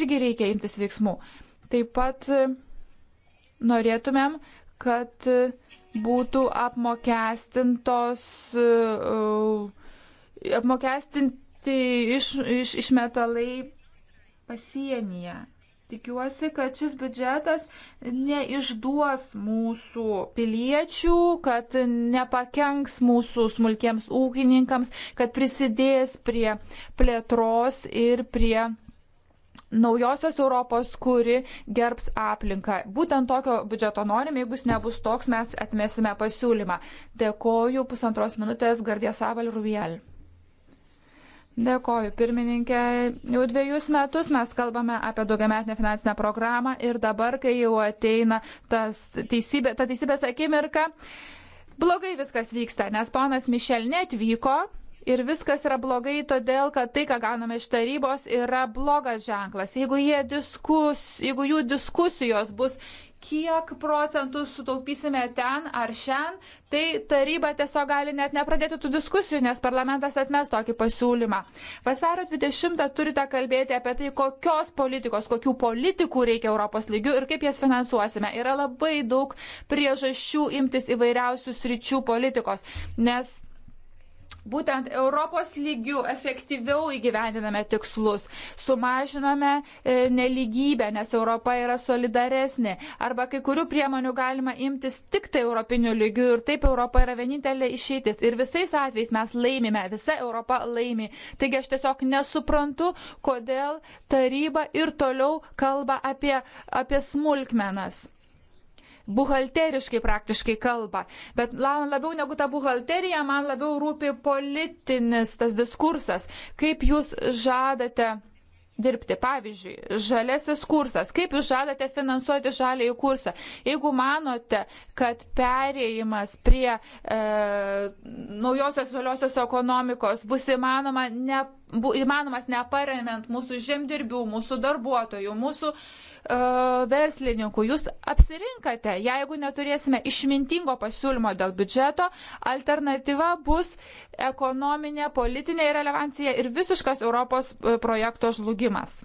irgi reikia imtis veiksmų. Taip pat e, norėtumėm, kad e, būtų apmokestintos, e, apmokestinti iš, iš, išmetalai pasienyje. Tikiuosi, kad šis biudžetas neišduos mūsų piliečių, kad nepakenks mūsų smulkiems ūkininkams, kad prisidės prie plėtros ir prie naujosios Europos, kuri gerbs aplinką. Būtent tokio biudžeto norim, jeigu jis nebus toks, mes atmesime pasiūlymą. Dėkoju pusantros minutės Gardė Saval Rubiel. Dėkoju, pirmininkė. Jau dviejus metus mes kalbame apie daugiametinę finansinę programą ir dabar, kai jau ateina tas teisybė, ta teisybės akimirka, blogai viskas vyksta, nes ponas Mišel netvyko Ir viskas yra blogai todėl, kad tai, ką gauname iš tarybos, yra blogas ženklas. Jeigu, diskus, jeigu jų diskusijos bus, kiek procentų sutaupysime ten ar šiandien, tai taryba tiesiog gali net nepradėti tų diskusijų, nes parlamentas atmes tokį pasiūlymą. Vasario 20 turite kalbėti apie tai, kokios politikos, kokių politikų reikia Europos lygių ir kaip jas finansuosime. Yra labai daug priežasčių imtis įvairiausių sričių politikos, nes būtent Europos lygių efektyviau įgyvendiname tikslus, sumažiname e, neligybę, nes Europa yra solidaresnė. Arba kai kurių priemonių galima imtis tik tai Europinių lygių ir taip Europa yra vienintelė išeitis. Ir visais atvejais mes laimime, visa Europa laimi. Taigi aš tiesiog nesuprantu, kodėl taryba ir toliau kalba apie, apie smulkmenas buhalteriškai praktiškai kalba. Bet labiau negu ta buhalterija, man labiau rūpi politinis tas diskursas. Kaip jūs žadate dirbti. Pavyzdžiui, žalesis kursas. Kaip jūs žadate finansuoti žalėjų kursą? Jeigu manote, kad perėjimas prie e, naujosios žaliosios ekonomikos bus įmanoma ne, bu, įmanomas neparemiant mūsų žemdirbių, mūsų darbuotojų, mūsų E, verslininkų. Jūs apsirinkate, jeigu neturėsime išmintingo pasiūlymo dėl biudžeto, alternatyva bus ekonominė, politinė relevancija ir visiškas Europos e, projekto žlugimas.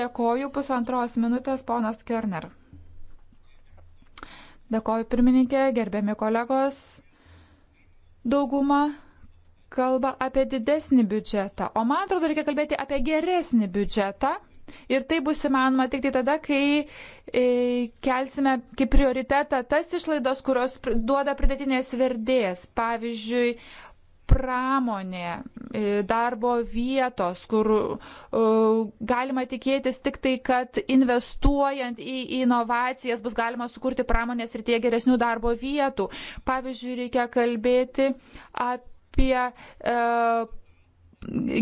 Dėkoju pusantros minutės, ponas Körner. Dėkoju pirmininkė, gerbiami kolegos. Dauguma kalba apie didesnį biudžetą, o man atrodo, reikia kalbėti apie geresnį biudžetą. Ir tai bus įmanoma tik tai tada, kai e, kelsime kaip prioritetą tas išlaidos, kurios duoda pridėtinės verdės. Pavyzdžiui, pramonė, e, darbo vietos, kur e, galima tikėtis tik tai, kad investuojant į inovacijas bus galima sukurti pramonės ir tie geresnių darbo vietų. Pavyzdžiui, reikia kalbėti apie apie e,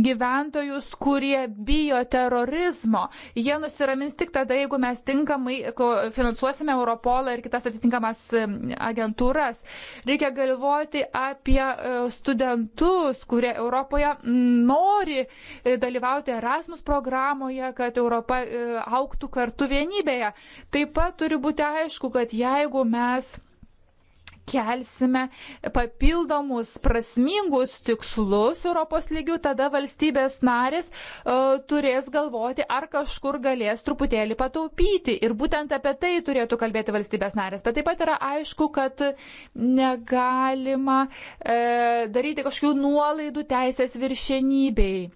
gyventojus, kurie bijo terorizmo. Jie nusiramins tik tada, jeigu mes tinkamai finansuosime Europolą ir kitas atitinkamas e, agentūras. Reikia galvoti apie e, studentus, kurie Europoje nori e, dalyvauti Erasmus programoje, kad Europa auktų kartu vienybėje. Taip pat turi būti aišku, kad jeigu mes kelsime papildomus prasmingus tikslus Europos lygių, tada valstybės narės uh, turės galvoti, ar kažkur galės truputėlį pataupyti. Ir būtent apie tai turėtų kalbėti valstybės narės. Bet taip pat yra aišku, kad negalima uh, daryti kažkokių nuolaidų teisės viršenybei.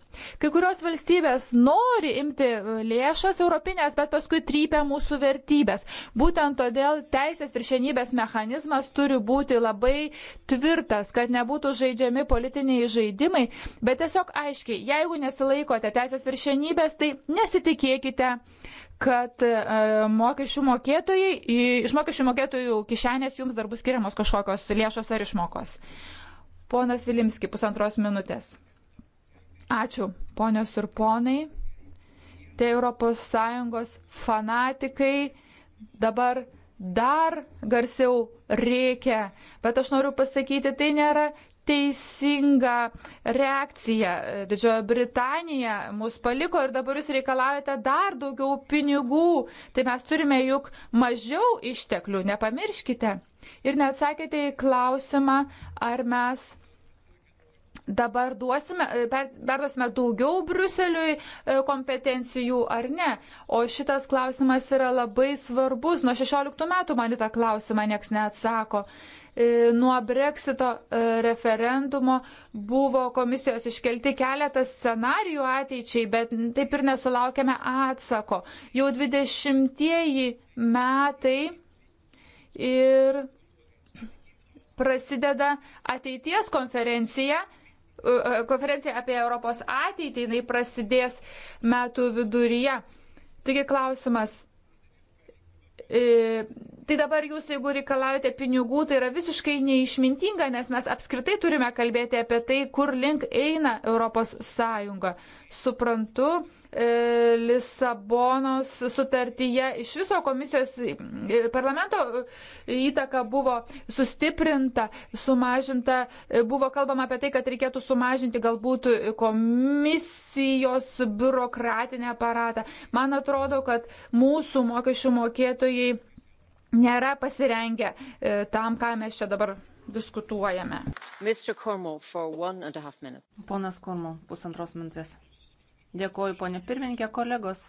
Kai kurios valstybės nori imti e, lėšas europinės, bet paskui trypia mūsų vertybės. Būtent todėl teisės viršenybės mechanizmas turi turi būti labai tvirtas, kad nebūtų žaidžiami politiniai žaidimai, bet tiesiog aiškiai, jeigu nesilaikote teisės viršenybės, tai nesitikėkite, kad e, mokesčių mokėtojai, iš mokesčių mokėtojų kišenės jums dar bus skiriamos kažkokios lėšos ar išmokos. Ponas Vilimski, pusantros minutės. Ačiū, ponios ir ponai. Tai ES fanatikai dabar dar garsiau reikia. Bet aš noriu pasakyti, tai nėra teisinga reakcija. Didžioji Britanija mus paliko ir dabar jūs reikalaujate dar daugiau pinigų. Tai mes turime juk mažiau išteklių, nepamirškite. Ir neatsakėte į klausimą, ar mes dabar duosime, e, per, perduosime daugiau Bruseliui e, kompetencijų ar ne. O šitas klausimas yra labai svarbus. Nuo 16 metų man į tą klausimą nieks neatsako. E, nuo breksito referendumo buvo komisijos iškelti keletas scenarijų ateičiai, bet taip ir nesulaukėme atsako. Jau 20-ieji metai ir prasideda ateities konferencija E, konferencija apie Europos ateitį, jinai prasidės metų viduryje. Taigi klausimas. E, tai dabar jūs, jeigu reikalaujate pinigų, tai yra visiškai neišmintinga, nes mes apskritai turime kalbėti apie tai, kur link eina Europos Sąjunga. Suprantu, E, Lisabonos sutartyje iš viso komisijos e, parlamento įtaka buvo sustiprinta, sumažinta, e, buvo kalbama apie tai, kad reikėtų sumažinti galbūt komisijos biurokratinę aparatą. Man atrodo, kad mūsų mokesčių mokėtojai nėra pasirengę tam, ką mes čia dabar diskutuojame. Cornwall, Ponas Kormo, pusantros minutės. Dėkuoju, ponė pirmininkė, kolegos.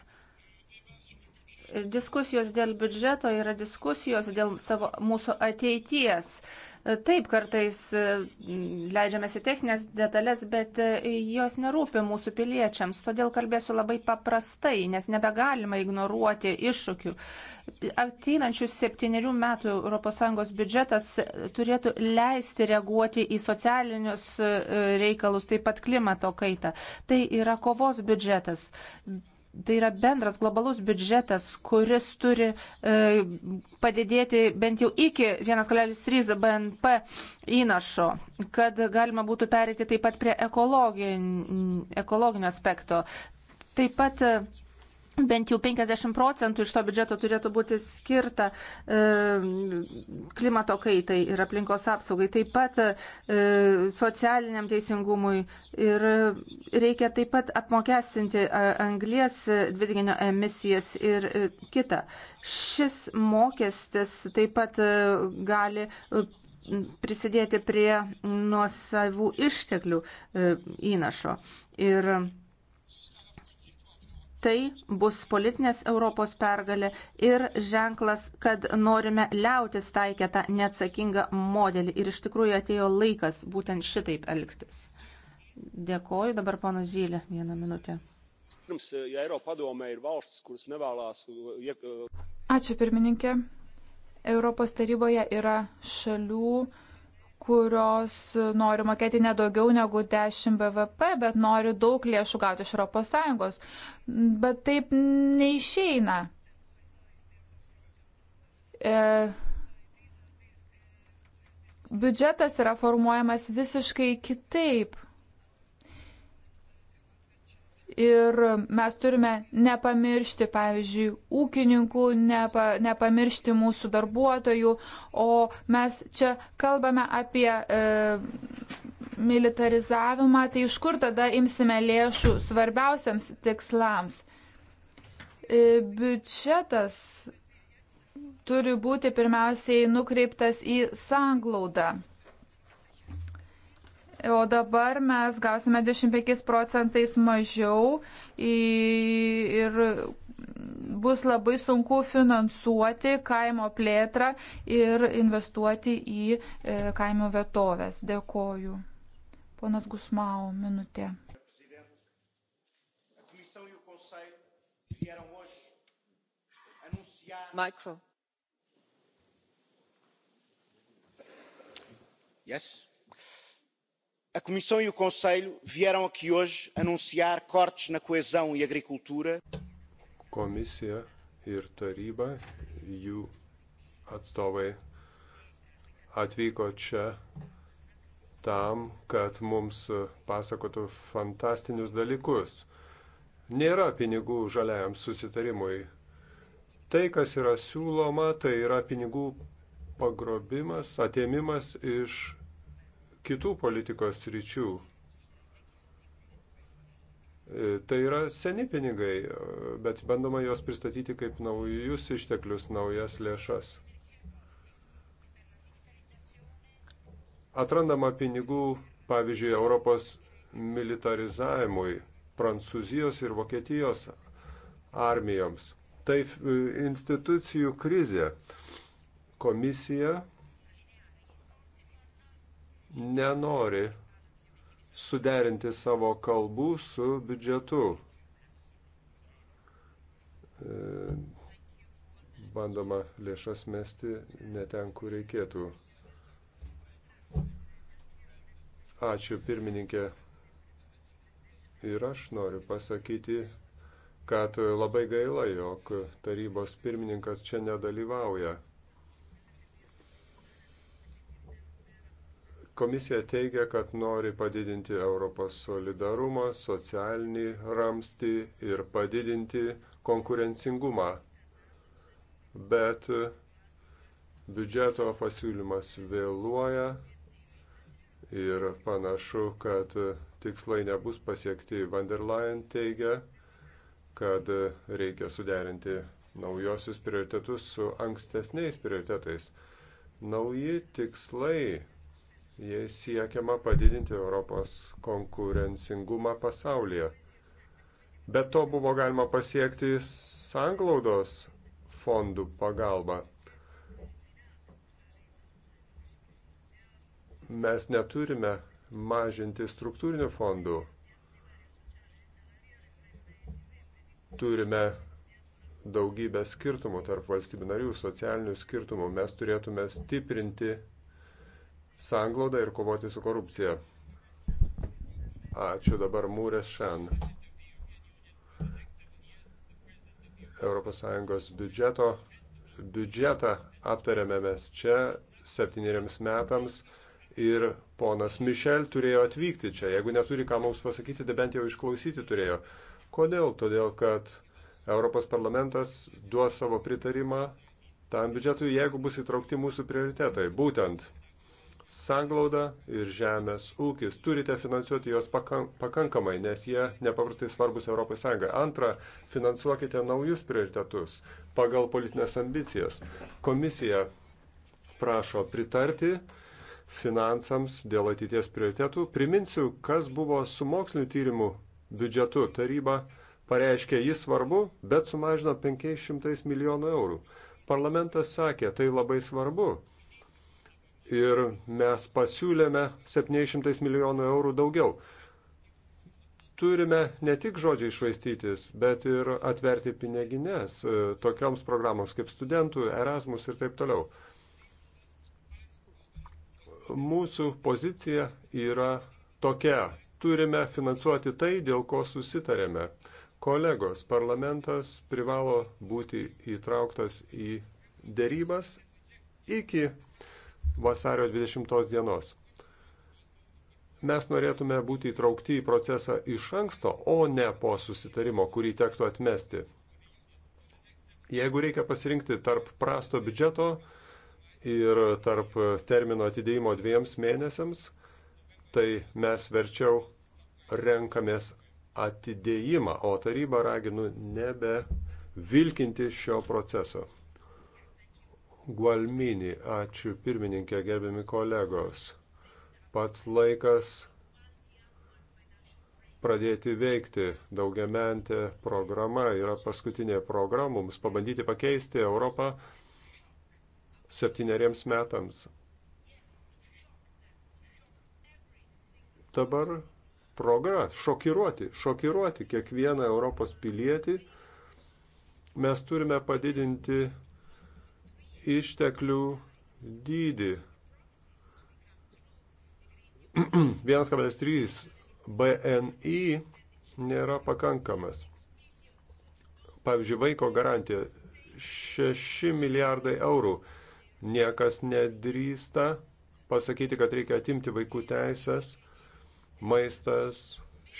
Diskusijos dėl biudžeto yra diskusijos dėl savo, mūsų ateities. Taip, kartais e, leidžiamės į techninės detalės, bet e, jos nerūpi mūsų piliečiams. Todėl kalbėsiu labai paprastai, nes nebegalima ignoruoti iššūkių. Ateinančių septyniarių metų ES biudžetas turėtų leisti reaguoti į socialinius e, reikalus, taip pat klimato kaitą. Tai yra kovos biudžetas. Tai yra bendras globalus biudžetas, kuris turi e, padidėti bent jau iki 1,3 BNP įnašo, kad galima būtų perėti taip pat prie ekologinio aspekto. Taip pat bent jau 50 procentų iš to biudžeto turėtų būti skirta e, klimato kaitai ir aplinkos apsaugai, taip pat e, socialiniam teisingumui ir reikia taip pat apmokestinti e, anglies dvideginio emisijas ir e, kitą. Šis mokestis taip pat e, gali e, prisidėti prie nuosavų išteklių e, įnašo. Ir Tai bus politinės Europos pergalė ir ženklas, kad norime liautis taikę tą neatsakingą modelį. Ir iš tikrųjų atėjo laikas būtent šitaip elgtis. Dėkoju, dabar pana Zylė, vieną minutę. Ačiū pirmininkė. Europos taryboje yra šalių, kurios e, nori mokėti nedaugiau negu 10 BVP, bet nori daug lėšų gauti iš ES. Mm, bet taip neišeina. E, biudžetas yra formuojamas visiškai kitaip. Ir mes turime nepamiršti, pavyzdžiui, ūkininkų, nepa, nepamiršti mūsų darbuotojų, o mes čia kalbame apie e, militarizavimą, tai iš kur tada imsime lėšų svarbiausiams tikslams? E, biudžetas turi būti pirmiausiai nukreiptas į sanglaudą o dabar mes gausime 25 procentais mažiau ir bus labai sunku finansuoti kaimo plėtrą ir investuoti į e, kaimo vietovės. Dėkoju. Ponas Gusmau, minutė. Micro. Yes a comissão e o conselho vieram aqui hoje anunciar cortes na coesão e agricultura. Komisija ir taryba, jų atstovai atvyko čia tam, kad mums pasakotų fantastinius dalykus. Nėra pinigų žaliajam susitarimui. Tai, kas yra siūloma, tai yra pinigų pagrobimas, atėmimas iš kitų politikos ryčių. E, tai yra seni pinigai, bet bandoma juos pristatyti kaip naujus išteklius, naujas lėšas. Atrandama pinigų, pavyzdžiui, Europos militarizavimui, Prancūzijos ir Vokietijos armijoms. Tai institucijų krizė. Komisija nenori suderinti savo kalbų su biudžetu. E, bandoma lėšas mesti ne ten, kur reikėtų. Ačiū pirmininkė. Ir aš noriu pasakyti, kad labai gaila, jog tarybos pirmininkas čia nedalyvauja. Komisija teigia, kad nori padidinti Europos solidarumą, socialinį ramstį ir padidinti konkurencingumą. Bet biudžeto pasiūlymas vėluoja ir panašu, kad tikslai nebus pasiekti. Van der Leyen teigia, kad reikia suderinti naujosius prioritetus su ankstesniais prioritetais. Nauji tikslai jie siekiama padidinti Europos konkurencingumą pasaulyje. Bet to buvo galima pasiekti sanglaudos fondų pagalba. Mes neturime mažinti struktūrinių fondų. Turime daugybę skirtumų tarp valstybių narių, socialinių skirtumų. Mes turėtume stiprinti sanglaudą ir kovoti su korupcija. Ačiū dabar Mūrės Šen. ES biudžeto. Biudžetą aptarėme mes čia septyneriems metams ir ponas Mišel turėjo atvykti čia. Jeigu neturi ką mums pasakyti, tai bent jau išklausyti turėjo. Kodėl? Todėl, kad Europos parlamentas duos savo pritarimą tam biudžetui, jeigu bus įtraukti mūsų prioritetai. Būtent sanglauda ir žemės ūkis. Turite finansuoti juos pakankamai, nes jie nepaprastai svarbus ES. Antra, finansuokite naujus prioritetus pagal politinės ambicijas. Komisija prašo pritarti finansams dėl ateities prioritetų. Priminsiu, kas buvo su mokslinių tyrimų biudžetu. Taryba pareiškė, jis svarbu, bet sumažino 500 milijonų eurų. Parlamentas sakė, tai labai svarbu, ir mes pasiūlėme 700 milijonų eurų daugiau. Turime ne tik žodžiai išvaistytis, bet ir atverti pinigines e, tokioms programoms kaip studentų, Erasmus ir taip toliau. Mūsų pozicija yra tokia. Turime finansuoti tai, dėl ko susitarėme. Kolegos, parlamentas privalo būti įtrauktas į dėrybas iki vasario 20 dienos. Mes norėtume būti įtraukti į procesą iš anksto, o ne po susitarimo, kurį tektų atmesti. Jeigu reikia pasirinkti tarp prasto biudžeto ir tarp termino atidėjimo dviems mėnesiams, tai mes verčiau renkamės atidėjimą, o taryba raginu nebe vilkinti šio proceso. Gualmini. Ačiū pirmininkė, gerbiami kolegos. Pats laikas pradėti veikti. Daugiamentė programa yra paskutinė programa mums pabandyti pakeisti Europą septyneriems metams. Dabar proga šokiruoti, šokiruoti kiekvieną Europos pilietį. Mes turime padidinti išteklių dydį. 1,3 BNI nėra pakankamas. Pavyzdžiui, vaiko garantija 6 milijardai eurų. Niekas nedrįsta pasakyti, kad reikia atimti vaikų teisės, maistas,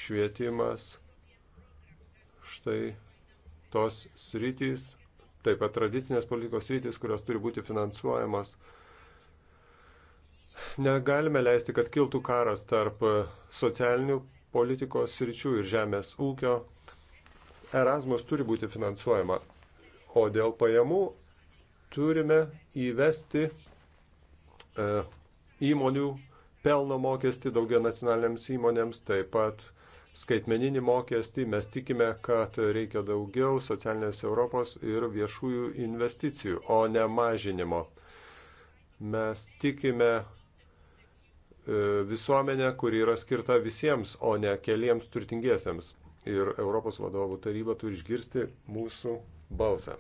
švietimas. Štai tos sritys, taip pat tradicinės politikos rytis, kurios turi būti finansuojamos. Negalime leisti, kad kiltų karas tarp socialinių politikos sričių ir žemės ūkio. Erasmus turi būti finansuojama, o dėl pajamų turime įvesti e, įmonių pelno mokestį daugia nacionalinėms įmonėms, taip pat skaitmeninį mokestį, mes tikime, kad reikia daugiau socialinės Europos ir viešųjų investicijų, o ne mažinimo. Mes tikime e, visuomenę, kuri yra skirta visiems, o ne keliems turtingiesiems. Ir Europos vadovų taryba turi išgirsti mūsų balsą.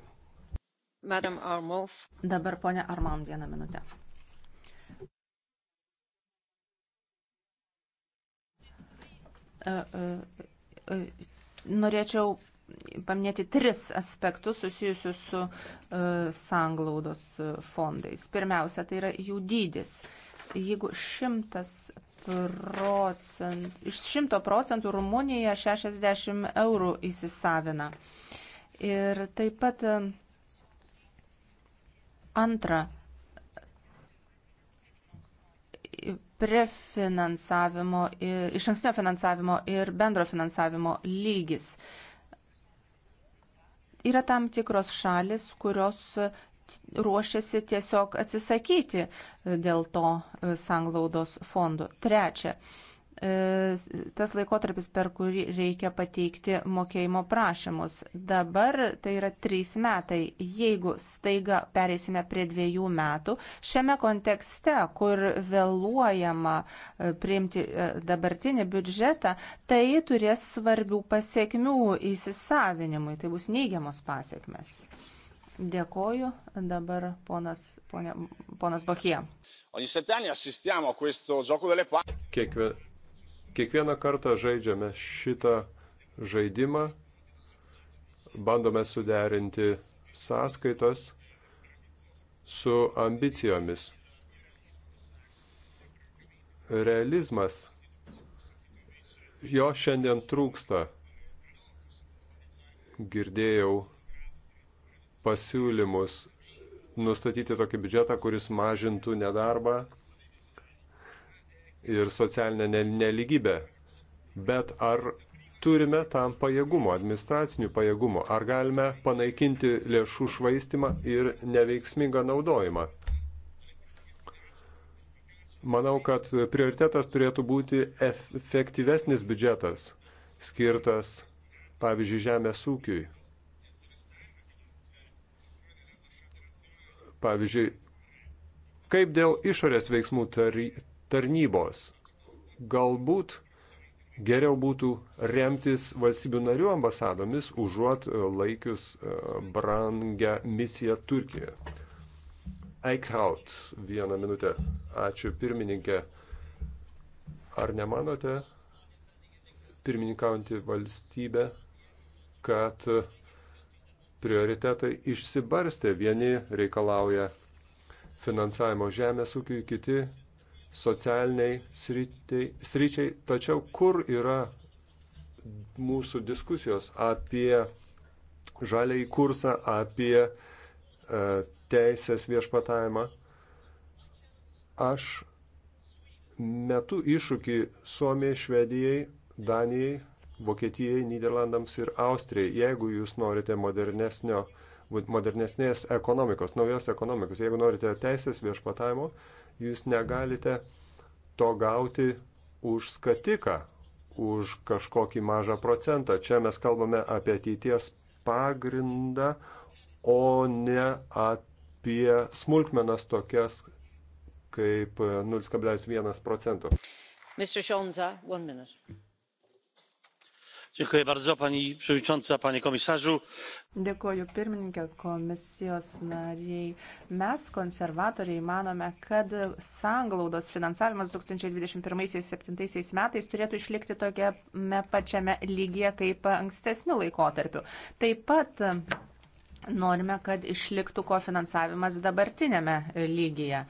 Dabar ponia Armand vieną minutę. E, e, e, norėčiau paminėti tris aspektus susijusius su sanglaudos fondais. Pirmiausia, tai yra jų dydis. Jeigu šimtas procentų, iš šimto procentų Rumunija 60 eurų įsisavina. Ir taip pat antra, prefinansavimo, iš ankstinio finansavimo ir bendro finansavimo lygis. Yra tam tikros šalis, kurios ruošiasi tiesiog atsisakyti dėl to e, sanglaudos fondų. Trečia, E, tas laikotarpis, per kurį reikia pateikti mokėjimo prašymus. Dabar tai yra trys metai. Jeigu staiga pereisime prie dviejų metų, šiame kontekste, kur vėluojama e, priimti e, dabartinį biudžetą, tai turės svarbių pasiekmių įsisavinimui. Tai bus neigiamos pasiekmes. Dėkoju. Dabar ponas, ponė, ponas Bokie. Kiekvie, Kiekvieną kartą žaidžiame šitą žaidimą, bandome suderinti sąskaitas su ambicijomis. Realizmas. Jo šiandien trūksta. Girdėjau pasiūlymus nustatyti tokį biudžetą, kuris mažintų nedarbą ir socialinę neligybę. Bet ar turime tam pajėgumo, administracinių pajėgumo? Ar galime panaikinti lėšų švaistimą ir neveiksmingą naudojimą? Manau, kad prioritetas turėtų būti efektyvesnis biudžetas, skirtas, pavyzdžiui, žemės ūkiui. Pavyzdžiui, kaip dėl išorės veiksmų tarnybos. Galbūt geriau būtų remtis valstybių narių ambasadomis, užuot e, laikius e, brangę misiją Turkijoje. Eichhaut, vieną minutę. Ačiū pirmininkė. Ar nemanote, pirmininkaujantį valstybę, kad prioritetai išsibarstė. Vieni reikalauja finansavimo žemės ūkiui, kiti socialiniai sryčiai, tačiau kur yra mūsų diskusijos apie žaliai kursą, apie e, teisės viešpatavimą. Aš metu iššūkį Suomijai, Švedijai, Danijai, Vokietijai, Niderlandams ir Austrijai. Jeigu jūs norite modernesnio modernesnės ekonomikos, naujos ekonomikos. Jeigu norite teisės viešpatavimo, jūs negalite to gauti už skatiką, už kažkokį mažą procentą. Čia mes kalbame apie ateities pagrindą, o ne apie smulkmenas tokias kaip 0,1 procento. Mr. Šonza, one minute pani przewodnicząca panie komisarzu dėkoju pirmininke komisijos nariai mes konservatoriai manome kad sanglaudos finansavimas du tūkstančiai dvidešimt pirmaisiais septintaisiais metais turėtų išlikti tokiame pačiame lygyje kaip ankstesniu laikotarpiu taip pat norime kad išliktų kofinansavimas dabartiniame lygyje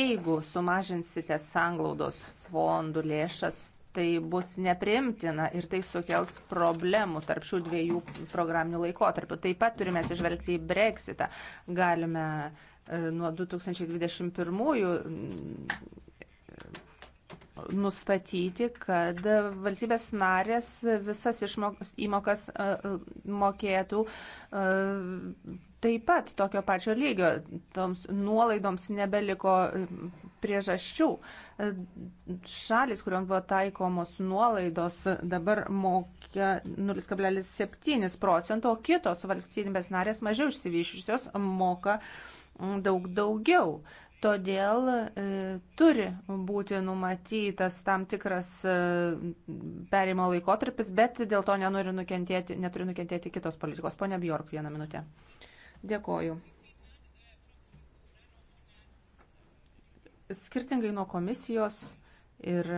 jeigu sumažinsite sanglaudos fondų lėšas Tai bus nepriimtina ir tai sukels problemų tarp šių dviejų programinių laikotarpių. Taip pat turime atsižvelgti į Brexitą. Galime e, nuo 2021 nustatyti, kad valstybės narės visas išmokas, įmokas e, mokėtų e, taip pat tokio pačio lygio. Toms nuolaidoms nebeliko priežasčių. Šalis, kuriuom buvo taikomos nuolaidos, dabar mokia 0,7 procento, o kitos valstybės narės mažiau išsivyšusios moka daug daugiau. Todėl e, turi būti numatytas tam tikras e, perimo laikotarpis, bet dėl to nenori nukentėti, neturi nukentėti kitos politikos. Pone Bjork, vieną minutę. Dėkoju. skirtingai nuo komisijos ir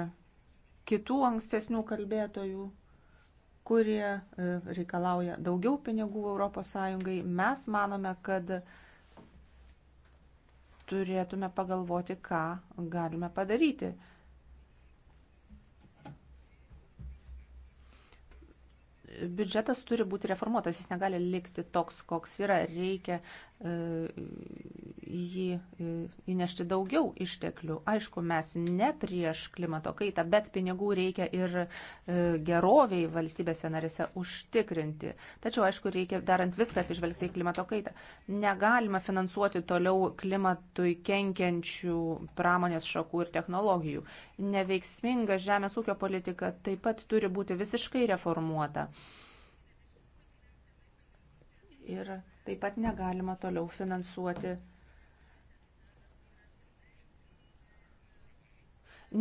kitų ankstesnių kalbėtojų, kurie e, reikalauja daugiau pinigų ES, mes manome, kad turėtume pagalvoti, ką galime padaryti. biudžetas turi būti reformuotas, jis negali likti toks, koks yra, reikia e, jį e, įnešti daugiau išteklių. Aišku, mes ne prieš klimato kaitą, bet pinigų reikia ir e, geroviai valstybėse narėse užtikrinti. Tačiau, aišku, reikia darant viskas išvelgti į klimato kaitą. Negalima finansuoti toliau klimatui kenkiančių pramonės šakų ir technologijų. Neveiksminga žemės ūkio politika taip pat turi būti visiškai reformuota ir taip pat negalima toliau finansuoti.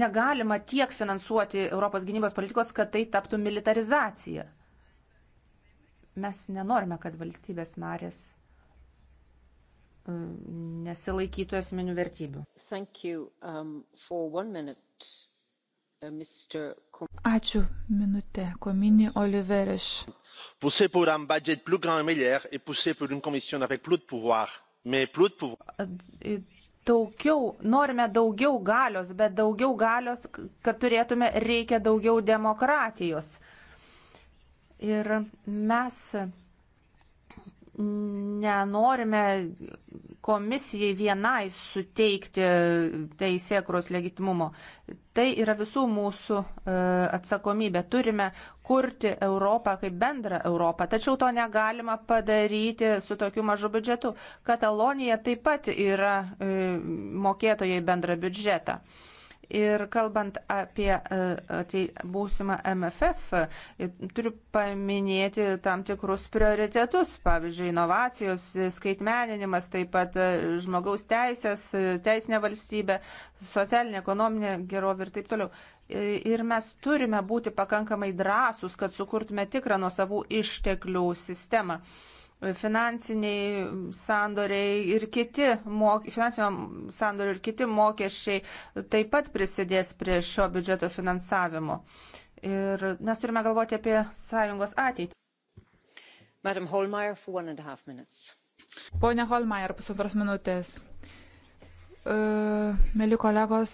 Negalima tiek finansuoti Europos gynybos politikos, kad tai taptų militarizacija. Mes nenorime, kad valstybės narės e, nesilaikytų esminių vertybių. Thank you, um, for one minute, uh, Mr. Ačiū minutė, kominį Olivereš. Pousser pour un budget plus grand et meilleur et pousser pour une commission avec plus de pouvoir. Mais plus de pouvoir. Daugiau, norime daugiau galios, bet daugiau galios, kad turėtume, reikia daugiau demokratijos. Ir mes nenorime komisijai vienai suteikti teisėkros legitimumo. Tai yra visų mūsų e, atsakomybė. Turime kurti Europą kaip bendrą Europą. Tačiau to negalima padaryti su tokiu mažu biudžetu. Katalonija taip pat yra e, mokėtojai bendrą biudžetą. Ir kalbant apie e, būsimą MFF, e, turiu paminėti tam tikrus prioritetus, pavyzdžiui, inovacijos, skaitmeninimas, taip pat e, žmogaus teisės, teisinė valstybė, socialinė, ekonominė gerovė ir taip toliau. Ir mes turime būti pakankamai drąsūs, kad sukurtume tikrą nuo savų išteklių sistemą finansiniai sandoriai ir kiti, mok, finansinio sandorio ir kiti mokesčiai taip pat prisidės prie šio biudžeto finansavimo. Ir mes turime galvoti apie sąjungos ateitį. Madam Holmeyer, for one and a half minutes. Pone Holmeyer, pusantros minutės. Uh, mėly kolegos,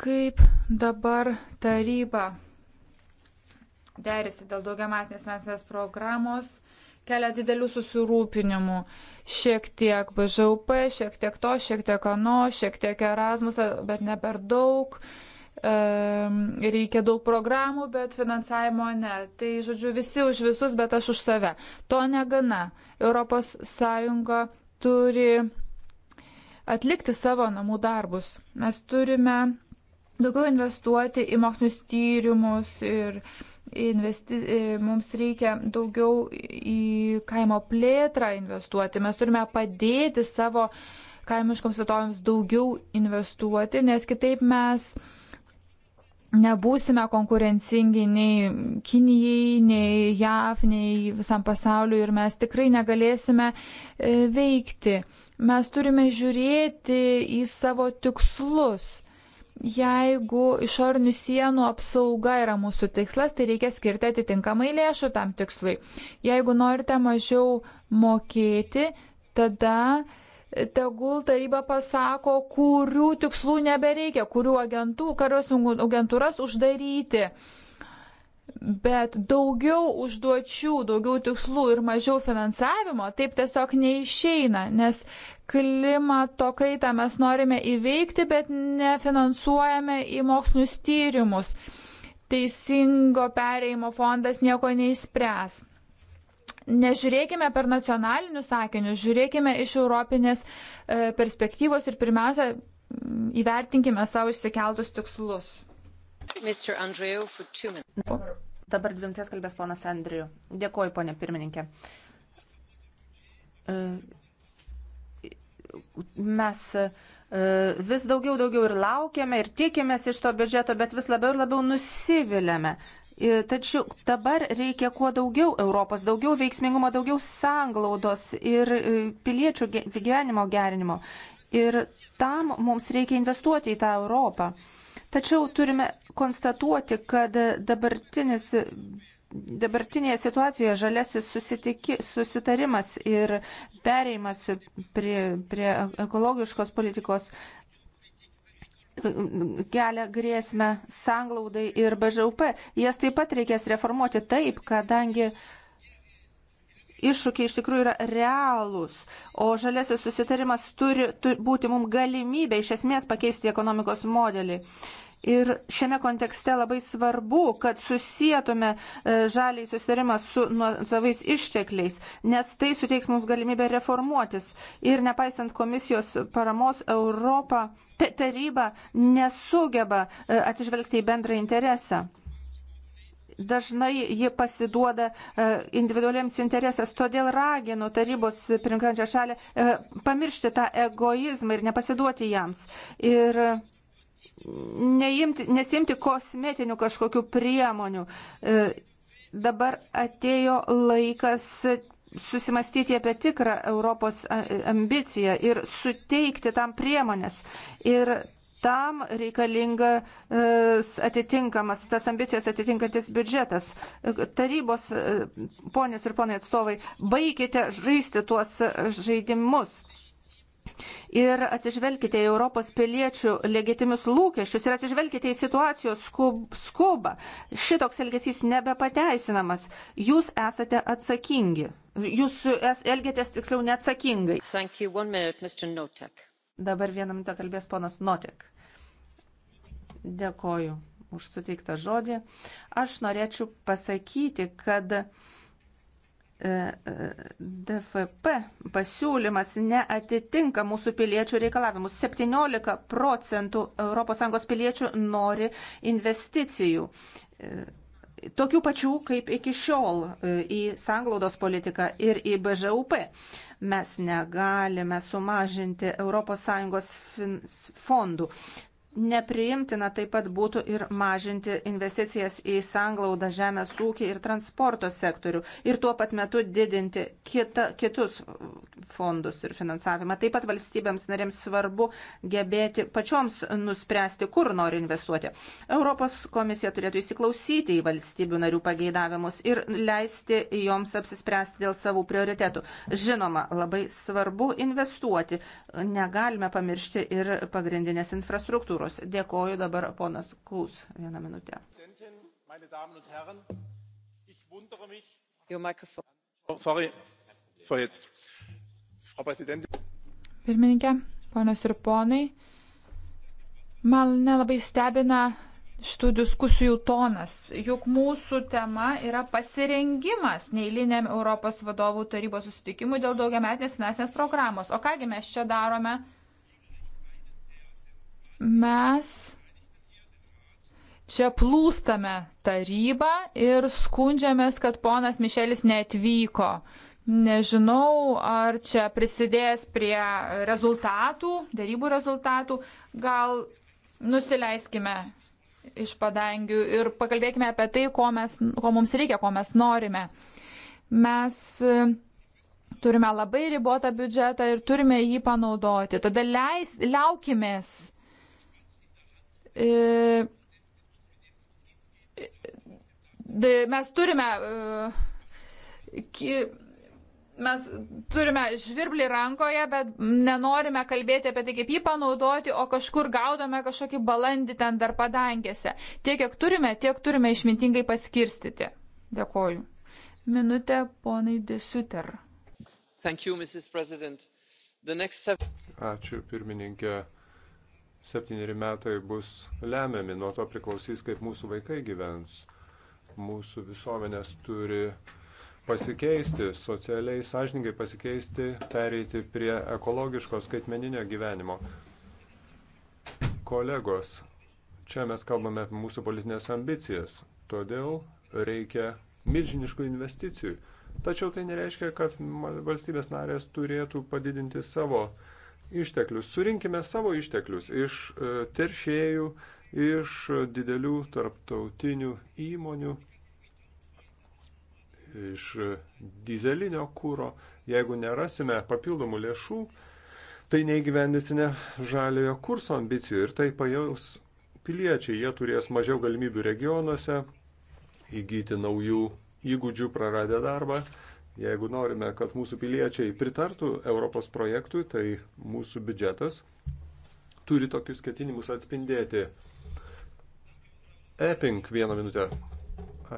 kaip dabar taryba derisi dėl daugiamatinės finansinės programos, kelia didelių susirūpinimų. Šiek tiek BŽUP, šiek tiek to, šiek tiek ano, šiek tiek Erasmus, bet ne per daug. Reikia daug programų, bet finansavimo ne. Tai, žodžiu, visi už visus, bet aš už save. To negana. ES turi atlikti savo namų darbus. Mes turime daugiau investuoti į mokslinius tyrimus ir investi, e, mums reikia daugiau į kaimo plėtrą investuoti. Mes turime padėti savo kaimiškoms vietovėms daugiau investuoti, nes kitaip mes nebūsime konkurencingi nei Kinijai, nei JAV, nei visam pasauliu ir mes tikrai negalėsime e, veikti. Mes turime žiūrėti į savo tikslus jeigu išorinių sienų apsauga yra mūsų tikslas, tai reikia skirti atitinkamai lėšų tam tikslui. Jeigu norite mažiau mokėti, tada tegul taryba pasako, kurių tikslų nebereikia, kurių agentų, karios agentūras uždaryti. Bet daugiau užduočių, daugiau tikslų ir mažiau finansavimo taip tiesiog neišeina, nes klimato kaitą mes norime įveikti, bet nefinansuojame į mokslinius tyrimus. Teisingo pereimo fondas nieko neišspręs. Nežiūrėkime per nacionalinius sakinius, žiūrėkime iš europinės e, perspektyvos ir pirmiausia įvertinkime savo išsikeltus tikslus. Andriju, Dabar dvimties kalbės ponas Andriu. Dėkuoju, ponė pirmininkė. E, mes e, vis daugiau, daugiau ir laukiame, ir tikimės iš to biudžeto, bet vis labiau ir labiau nusiviliame. E, tačiau dabar reikia kuo daugiau Europos, daugiau veiksmingumo, daugiau sanglaudos ir piliečių gyvenimo gerinimo. Ir tam mums reikia investuoti į tą Europą. Tačiau turime konstatuoti, kad dabartinis dabartinėje situacijoje žalesis susitiki, susitarimas ir pereimas prie, prie ekologiškos politikos kelia grėsmę sanglaudai ir BŽUP. Jas taip pat reikės reformuoti taip, kadangi uh, iššūkiai iš tikrųjų yra realūs, o žalėsis susitarimas turi, turi būti mums galimybė iš esmės pakeisti ekonomikos modelį. Ir šiame kontekste labai svarbu, kad susijėtume e, žaliai susitarimą su savais ištekliais, nes tai suteiks mums galimybę reformuotis. Ir nepaisant komisijos paramos, Europa, taryba nesugeba e, atsižvelgti į bendrą interesą dažnai ji pasiduoda e, individualiems interesas. Todėl raginu tarybos pirinkančią šalį e, pamiršti tą egoizmą ir nepasiduoti jams. Ir neimti, nesimti kosmetinių kažkokių priemonių. E, dabar atėjo laikas susimastyti apie tikrą Europos ambiciją ir suteikti tam priemonės. Ir tam reikalingas e, atitinkamas, tas ambicijas atitinkantis biudžetas. Tarybos, e, ponės ir ponai atstovai, baigite žaisti tuos žaidimus. Ir atsižvelkite į Europos piliečių legitimius lūkesčius ir atsižvelkite į situacijos skub, skubą. Šitoks elgesys nebepateisinamas. Jūs esate atsakingi. Jūs elgėtės tiksliau neatsakingai. Minute, Dabar vieną minutę kalbės ponas Notik. Dėkoju už suteiktą žodį. Aš norėčiau pasakyti, kad e, e, DFP pasiūlymas neatitinka mūsų piliečių reikalavimus. 17 procentų ES piliečių nori investicijų e, tokių pačių kaip iki šiol e, į sanglaudos politiką ir į BŽUP. Mes negalime sumažinti ES fondų. Nepriimtina taip pat būtų ir mažinti investicijas į sanglaudą, žemės ūkį ir transporto sektorių ir tuo pat metu didinti kita, kitus fondus ir finansavimą. Taip pat valstybėms narėms svarbu gebėti pačioms nuspręsti, kur nori investuoti. Europos komisija turėtų įsiklausyti į valstybių narių pageidavimus ir leisti joms apsispręsti dėl savų prioritetų. Žinoma, labai svarbu investuoti. Negalime pamiršti ir pagrindinės infrastruktūros struktūros. Dėkoju dabar ponas Kūs. Vieną minutę. Pirmininkė, ponios ir ponai, man nelabai stebina šitų diskusijų tonas. Juk mūsų tema yra pasirengimas neįliniam Europos vadovų tarybos susitikimui dėl daugiametinės finansinės programos. O kągi mes čia darome? mes čia plūstame tarybą ir skundžiamės, kad ponas Mišelis neatvyko. Nežinau, ar čia prisidės prie rezultatų, darybų rezultatų. Gal nusileiskime iš padangių ir pakalbėkime apie tai, ko, mes, ko mums reikia, ko mes norime. Mes e, turime labai ribotą biudžetą ir turime jį panaudoti. Tada leis, liaukimės E, mes turime. E, mes turime žvirblį rankoje, bet nenorime kalbėti apie tai, kaip jį panaudoti, o kažkur gaudome kažkokį balandį ten dar padangėse. Tiek, kiek turime, tiek turime išmintingai paskirstyti. Dėkoju. Minutė ponai Desiuter. Next... Ačiū pirmininkė septyneri metai bus lemiami, nuo to priklausys, kaip mūsų vaikai gyvens. Mūsų visuomenės turi pasikeisti, socialiai sąžininkai pasikeisti, pereiti prie ekologiško skaitmeninio gyvenimo. Kolegos, čia mes kalbame apie mūsų politinės ambicijas, todėl reikia milžiniškų investicijų. Tačiau tai nereiškia, kad valstybės narės turėtų padidinti savo uh, išteklius. Surinkime savo išteklius iš e, teršėjų, iš e, didelių tarptautinių įmonių, iš e, dizelinio kūro. Jeigu nerasime papildomų lėšų, tai neįgyvendysime žaliojo kurso ambicijų ir tai pajaus piliečiai. Jie turės mažiau galimybių regionuose įgyti naujų įgūdžių praradę darbą Jeigu norime, kad mūsų piliečiai pritartų Europos projektui, tai mūsų biudžetas turi tokius ketinimus atspindėti. Epink vieną minutę.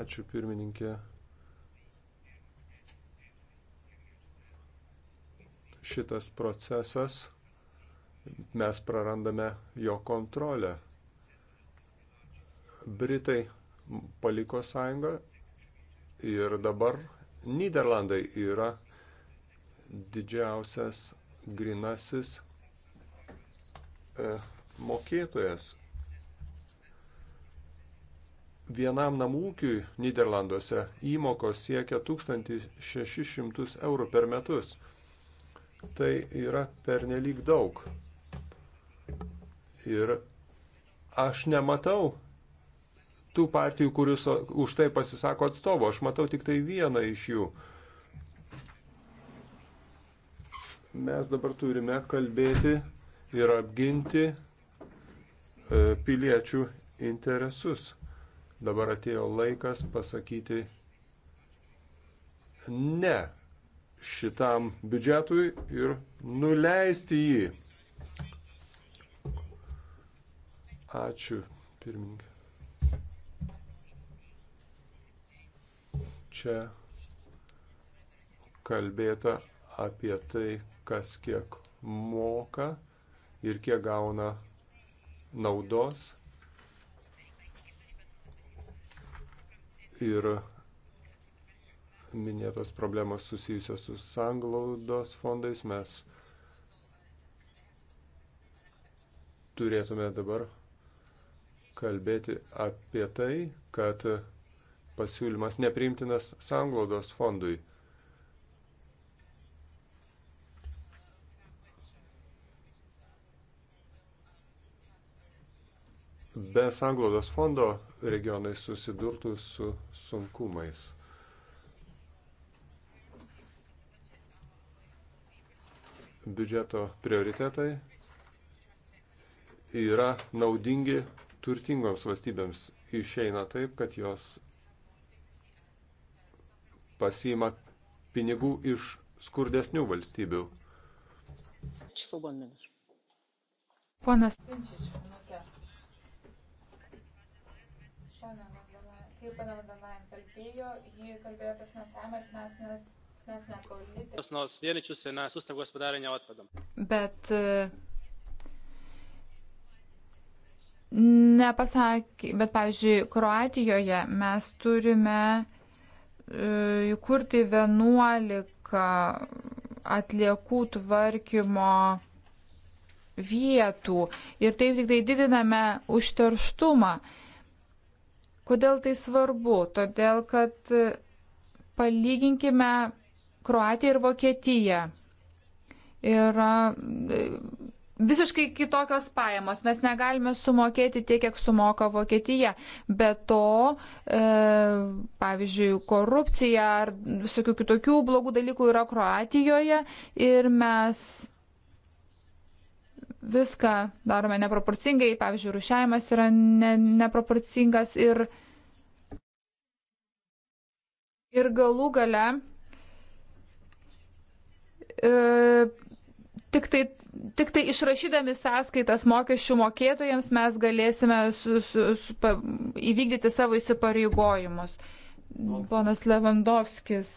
Ačiū pirmininkė. Šitas procesas mes prarandame jo kontrolę. Britai paliko sąjungą ir dabar Niderlandai yra didžiausias grinasis e, mokėtojas. Vienam namūkiui Niderlanduose įmokos siekia 1600 eurų per metus. Tai yra pernelyg daug. Ir aš nematau tų partijų, kuris už tai pasisako atstovo. Aš matau tik tai vieną iš jų. Mes dabar turime kalbėti ir apginti e, piliečių interesus. Dabar atėjo laikas pasakyti ne šitam biudžetui ir nuleisti jį. Ačiū, pirmininkai. Čia kalbėta apie tai, kas kiek moka ir kiek gauna naudos. Ir minėtos problemos susijusios su sanglaudos fondais mes turėtume dabar kalbėti apie tai, kad pasiūlymas nepriimtinas sanglaudos fondui. Be sanglaudos fondo regionai susidurtų su sunkumais. Biudžeto prioritetai yra naudingi turtingoms valstybėms. Išeina taip, kad jos pasiima pinigų iš skurdesnių valstybių. Ponas Pinčič, minutė. Kaip pana Vandalain kalbėjo, ji kalbėjo apie finansavimą ir finansinės odnos vjerit ću se na sustav gospodarenja otpadom. Bet e, nepasakė, bet pavyzdžiui, Kroatijoje mes turime įkurti 11 atliekų tvarkymo vietų ir taip tik tai didiname užterštumą. Kodėl tai svarbu? Todėl, kad palyginkime Kroatiją ir Vokietiją. Yra visiškai kitokios pajamos, mes negalime sumokėti tiek, kiek sumoka Vokietija. Be to, e, pavyzdžiui, korupcija ar visokių kitokių blogų dalykų yra Kroatijoje ir mes viską darome neproporcingai, pavyzdžiui, rušiavimas yra ne, neproporcingas ir, ir galų gale e, tik tai tik tai išrašydami sąskaitas mokesčių mokėtojams mes galėsime su, su, su, pa, įvykdyti savo įsipareigojimus. Ponas Levandovskis.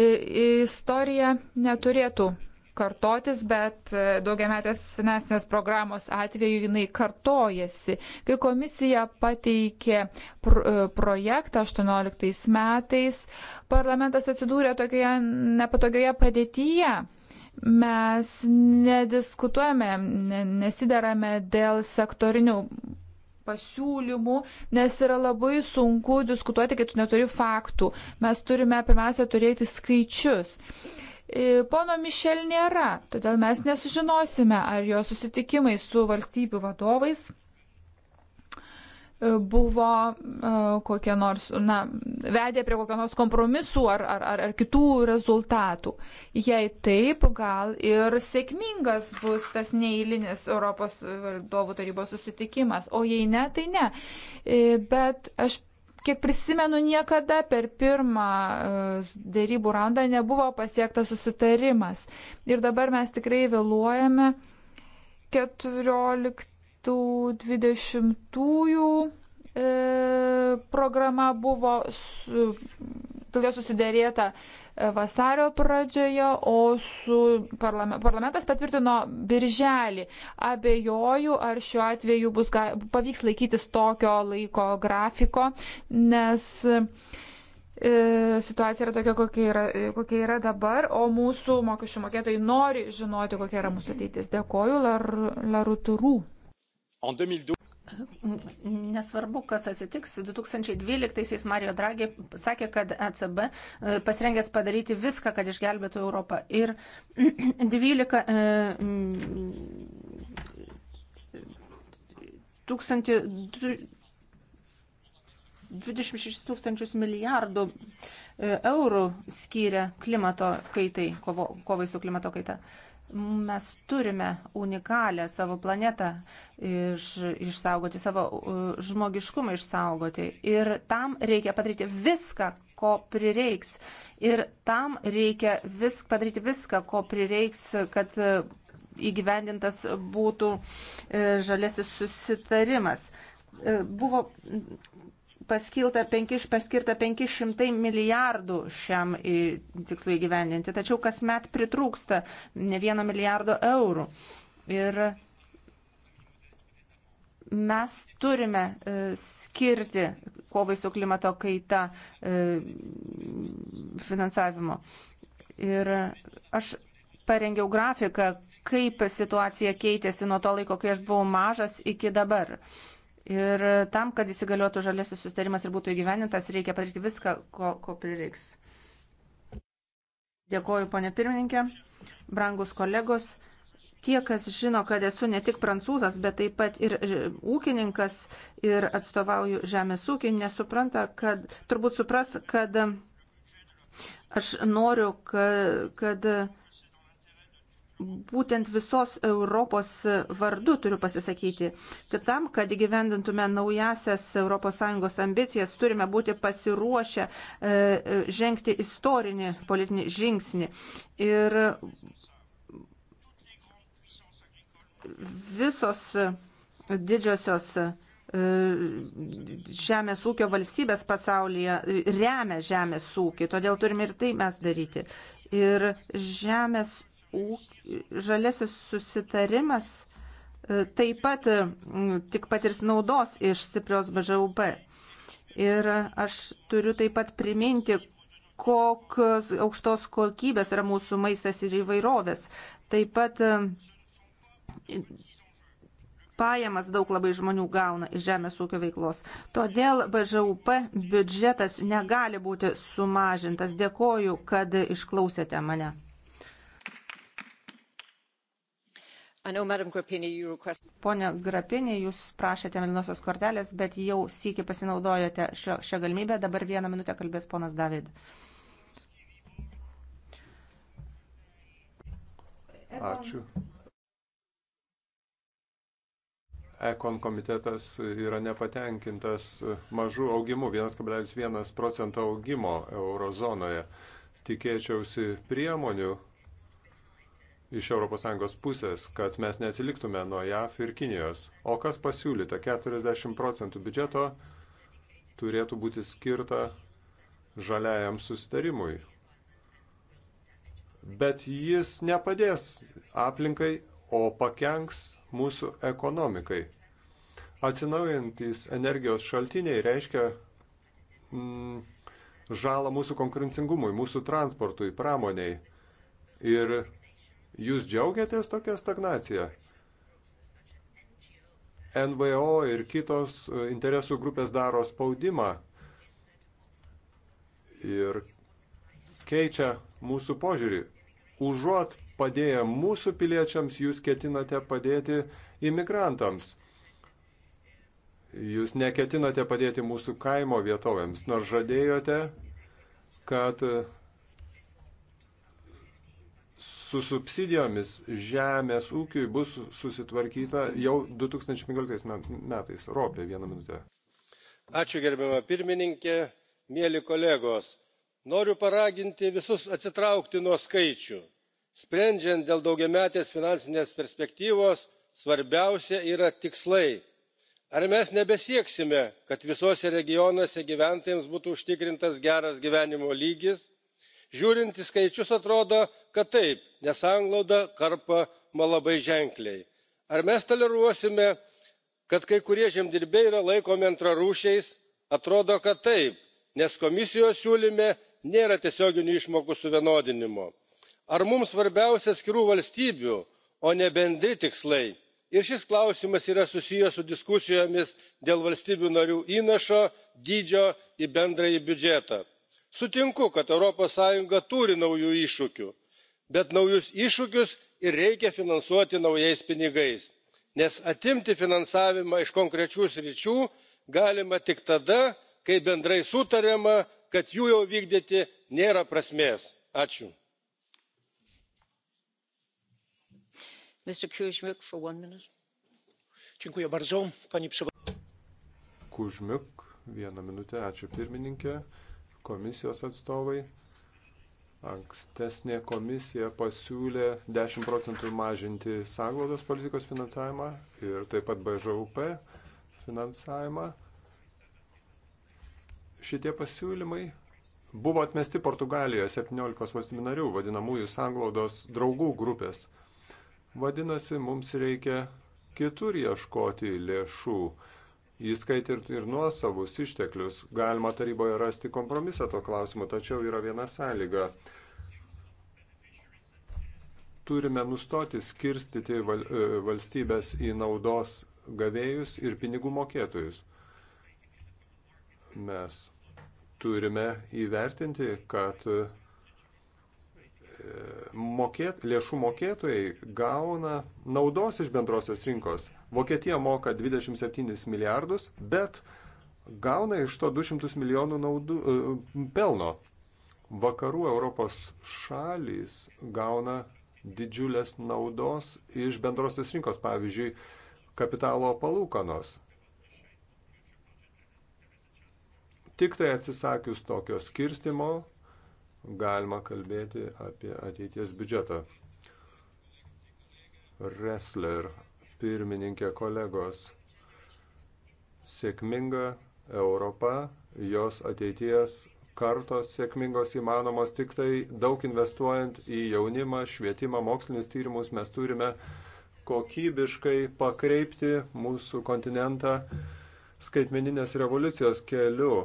Istorija neturėtų kartotis, bet e, daugiametės finansinės programos atveju jinai kartojasi. Kai komisija pateikė pr e, projektą 18 metais, parlamentas atsidūrė tokioje nepatogioje padėtyje. Mes nediskutuojame, nesiderame dėl sektorinių pasiūlymų, nes yra labai sunku diskutuoti, kai tu neturi faktų. Mes turime pirmiausia turėti skaičius. Uh, E, pono Mišel nėra, todėl mes nesužinosime, ar jo susitikimai su valstybių vadovais e, buvo e, kokie nors, na, vedė prie kokio nors kompromisų ar, ar, ar, ar kitų rezultatų. Jei taip, gal ir sėkmingas bus tas neįlinis Europos vadovų tarybos susitikimas, o jei ne, tai ne. Bet aš Kiek prisimenu, niekada per pirmą e, dėrybų raundą nebuvo pasiektas susitarimas. Ir dabar mes tikrai vėluojame 14-20 e, programa buvo dėl jo susidėrėta e, vasario pradžioje, o su parlament, parlamentas patvirtino birželį. Abejoju, ar šiuo atveju bus, ga, pavyks laikytis tokio laiko grafiko, nes e, situacija yra tokia, kokia yra, e, kokia yra dabar, o mūsų mokesčių mokėtojai nori žinoti, kokia yra mūsų ateitis. Dėkoju, Laruturų. Lar Nesvarbu, kas atsitiks. 2012-aisiais Mario Draghi sakė, kad ECB e, pasirengęs padaryti viską, kad išgelbėtų Europą. Ir 12 tūkstantį. 26 tūkstančius milijardų e, eurų skyrė klimato kaitai, kovo, kovai su klimato kaita. Uh, Mes turime unikalią savo planetą iš, išsaugoti, savo žmogiškumą išsaugoti. Ir tam reikia padaryti viską, ko prireiks. Ir tam reikia vis, padaryti viską, ko prireiks, kad e, įgyvendintas būtų e, žalesis susitarimas. E, buvo paskirta, 5, paskirta 500 milijardų šiam tikslui gyveninti, tačiau kasmet pritrūksta ne vieno milijardo eurų. Ir mes turime e, skirti kovai su klimato kaita e, finansavimo. Ir aš parengiau grafiką, kaip situacija keitėsi nuo to laiko, kai aš buvau mažas iki dabar. Ir tam, kad įsigaliotų žalėsis sustarimas ir būtų įgyvenintas, reikia padaryti viską, ko, ko prireiks. Dėkoju, ponė pirmininkė, brangus kolegos. Tie, kas žino, kad esu ne tik prancūzas, bet taip pat ir e, ūkininkas ir atstovauju žemės ūkį, nesupranta, kad turbūt supras, kad aš noriu, kad, kad būtent visos Europos vardu turiu pasisakyti, kad tai tam, kad įgyvendintume naujasias ES ambicijas, turime būti pasiruošę e, e, žengti istorinį politinį žingsnį. Ir visos didžiosios e, žemės ūkio valstybės pasaulyje remia žemės ūkį, todėl turime ir tai mes daryti. Ir žemės žalesis susitarimas e, taip pat e, tik patirs naudos iš stiprios BŽUP. Ir aš turiu taip pat priminti, kokios aukštos kokybės yra mūsų maistas ir įvairovės. Taip pat e, pajamas daug labai žmonių gauna iš žemės ūkio veiklos. Todėl BŽUP biudžetas negali būti sumažintas. Dėkoju, kad išklausėte mane. Pone Grapinė, jūs prašėte melinosios kortelės, bet jau sįki pasinaudojote šio, šią galimybę. Dabar vieną minutę kalbės ponas David. Ačiū. Ekon komitetas yra nepatenkintas mažų augimų, 1,1 procento augimo eurozonoje. Tikėčiausi priemonių iš ES pusės, kad mes nesiliktume nuo JAF ir Kinijos. O kas pasiūlyta, 40 procentų biudžeto turėtų būti skirta žaliajam sustarimui. Bet jis nepadės aplinkai, o pakenks mūsų ekonomikai. Atsinaujantys energijos šaltiniai reiškia mm, žalą mūsų konkurencingumui, mūsų transportui, pramoniai. Ir Jūs džiaugiatės tokią stagnaciją? NVO ir kitos e, interesų grupės daro spaudimą ir keičia mūsų požiūrį. Užuot padėję mūsų piliečiams, jūs ketinate padėti imigrantams. Jūs neketinate padėti mūsų kaimo vietovėms, nors žadėjote, kad e, su subsidijomis žemės ūkiui bus susitvarkyta jau 2015 metais. Ropė, vieną minutę. Ačiū gerbiama pirmininkė, mėly kolegos. Noriu paraginti visus atsitraukti nuo skaičių. Sprendžiant dėl daugiametės finansinės perspektyvos, svarbiausia yra tikslai. Ar mes nebesieksime, kad visose regionuose gyventojams būtų užtikrintas geras gyvenimo lygis? žiūrint į skaičius atrodo kad taip nesanglaudą karpoma labai ženkliai. ar mes toleruosime kad kai kurie žemdirbiai yra laikomi antrarūšiais? atrodo kad taip nes komisijos siūlyme nėra tiesioginių išmokų suvienodinimo. ar mums svarbiausia atskirų valstybių o ne bendri tikslai? ir šis klausimas yra susijęs su diskusijomis dėl valstybių narių įnašo dydžio į bendrąjį biudžetą. sutinku kad europos sąjunga turi naujų iššūkių bet naujus iššūkius ir reikia finansuoti naujais pinigais nes atimti finansavimą iš konkrečių sričių galima tik tada kai bendrai sutariama kad jų jau vykdyti nėra prasmės. komisijos atstovai Ankstesnė komisija pasiūlė 10 procentų mažinti sanglaudos politikos finansavimą ir taip pat BŽUP finansavimą. Šitie pasiūlymai buvo atmesti Portugalijoje 17 valstybių narių, vadinamųjų sanglaudos draugų grupės. Vadinasi, mums reikia kitur ieškoti lėšų įskait ir, ir nuosavus išteklius. Galima taryboje rasti kompromisą to klausimu, tačiau yra viena sąlyga. Turime nustoti skirstyti val, e, valstybės į naudos gavėjus ir pinigų mokėtojus. Mes turime įvertinti, kad mokėt, lėšų mokėtojai gauna naudos iš bendrosios rinkos. Vokietija moka 27 milijardus, bet gauna iš to 200 milijonų naudų, e, pelno. Vakarų Europos šalys gauna didžiulės naudos iš bendrosios rinkos, pavyzdžiui, kapitalo palūkanos. Tik tai atsisakius tokio skirstimo, galima kalbėti apie ateities biudžetą. Wrestler, pirmininkė kolegos, sėkminga Europa, jos ateities kartos sėkmingos įmanomos tik tai daug investuojant į jaunimą, švietimą, mokslinius tyrimus mes turime kokybiškai pakreipti mūsų kontinentą skaitmeninės revoliucijos keliu.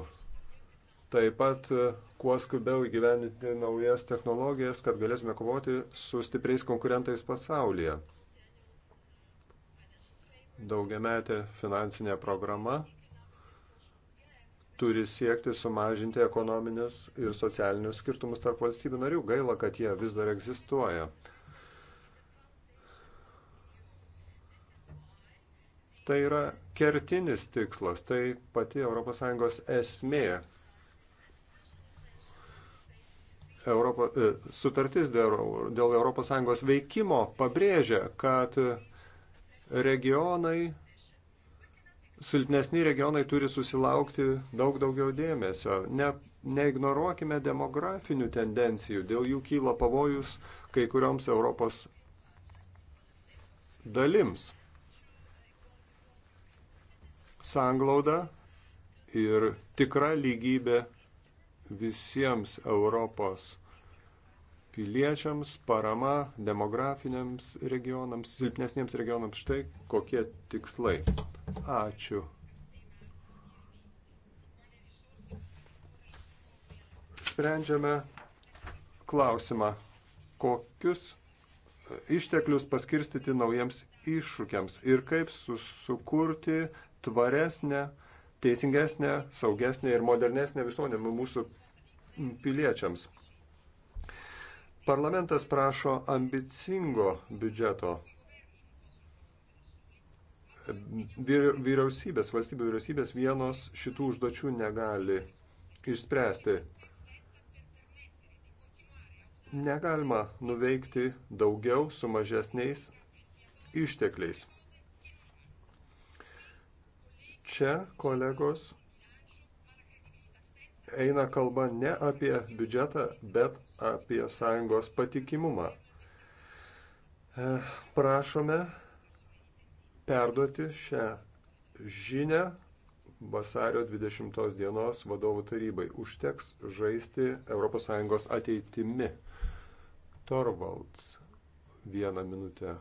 Taip pat kuo skubiau įgyvendinti naujas technologijas, kad galėtume kovoti su stipriais konkurentais pasaulyje. Daugiametė finansinė programa turi siekti sumažinti ekonominius ir socialinius skirtumus tarp valstybių narių. Gaila, kad jie vis dar egzistuoja. Tai yra kertinis tikslas, tai pati ES esmė, Europo, e, sutartis dėl ES veikimo pabrėžia, kad regionai, silpnesni regionai turi susilaukti daug daugiau dėmesio. Ne, neignoruokime demografinių tendencijų, dėl jų kyla pavojus kai kurioms Europos dalims. Sanglauda ir tikra lygybė visiems Europos piliečiams parama demografiniams regionams, silpnesniems regionams. Štai kokie tikslai. Ačiū. Sprendžiame klausimą, kokius e, išteklius paskirstyti naujiems iššūkiams ir kaip sukurti tvaresnę teisingesnę, saugesnę ir modernesnę visuomenę mūsų piliečiams. Parlamentas prašo ambicingo biudžeto. Vyriausybės, valstybių vyriausybės vienos šitų užduočių negali išspręsti. Negalima nuveikti daugiau su mažesniais ištekliais. Čia, kolegos, eina kalba ne apie biudžetą, bet apie sąjungos patikimumą. E, prašome perduoti šią žinę vasario 20 dienos vadovų tarybai. Užteks žaisti ES ateitimi. Torvalds vieną minutę.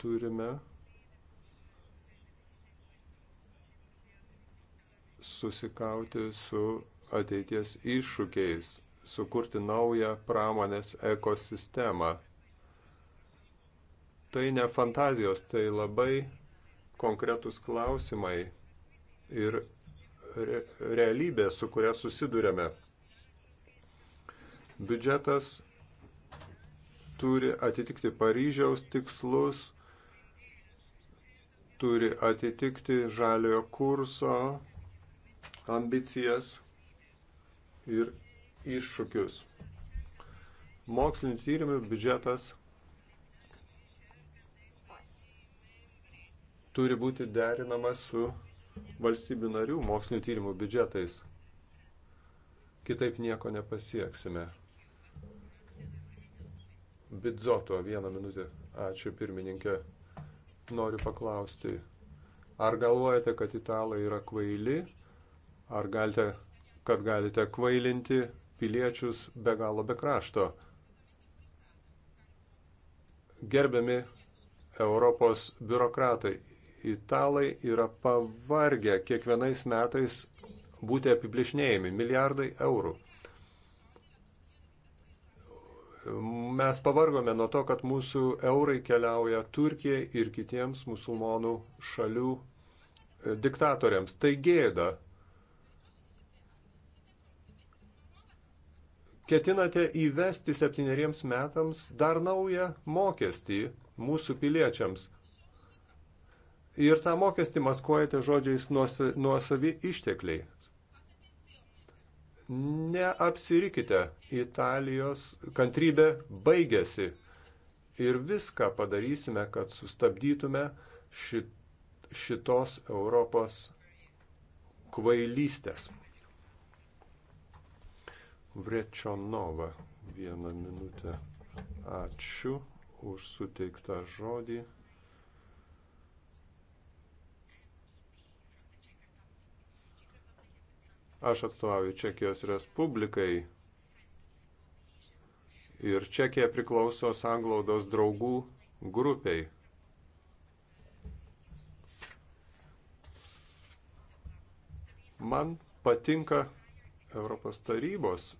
turime susikauti su ateities iššūkiais, sukurti naują pramonės ekosistemą. Tai ne fantazijos, tai labai konkretūs klausimai ir re realybė, su kuria susidurėme. Biudžetas turi atitikti Paryžiaus tikslus, turi atitikti žaliojo kurso ambicijas ir iššūkius. Mokslinio tyrimų biudžetas turi būti derinamas su valstybių narių mokslinio tyrimų biudžetais. Kitaip nieko nepasieksime. Bidzoto vieną minutę. Ačiū pirmininkė noriu paklausti, ar galvojate, kad italai yra kvaili, ar galite, kad galite kvailinti piliečius be galo be krašto? Gerbiami Europos biurokratai, italai yra pavargę kiekvienais metais būti apiplišnėjami milijardai eurų mes pavargome nuo to, kad mūsų eurai keliauja Turkijai ir kitiems musulmonų šalių e, diktatoriams. Tai gėda. Ketinate įvesti septyneriems metams dar naują mokestį mūsų piliečiams. Ir tą mokestį maskuojate žodžiais nuosavi ištekliai. Neapsirikite, Italijos kantrybė baigėsi ir viską padarysime, kad sustabdytume šit, šitos Europos kvailystės. Vrečionova, vieną minutę. Ačiū už suteiktą žodį. Aš atstovauju Čekijos Respublikai ir Čekija priklauso sanglaudos draugų grupiai. Man patinka Europos tarybos,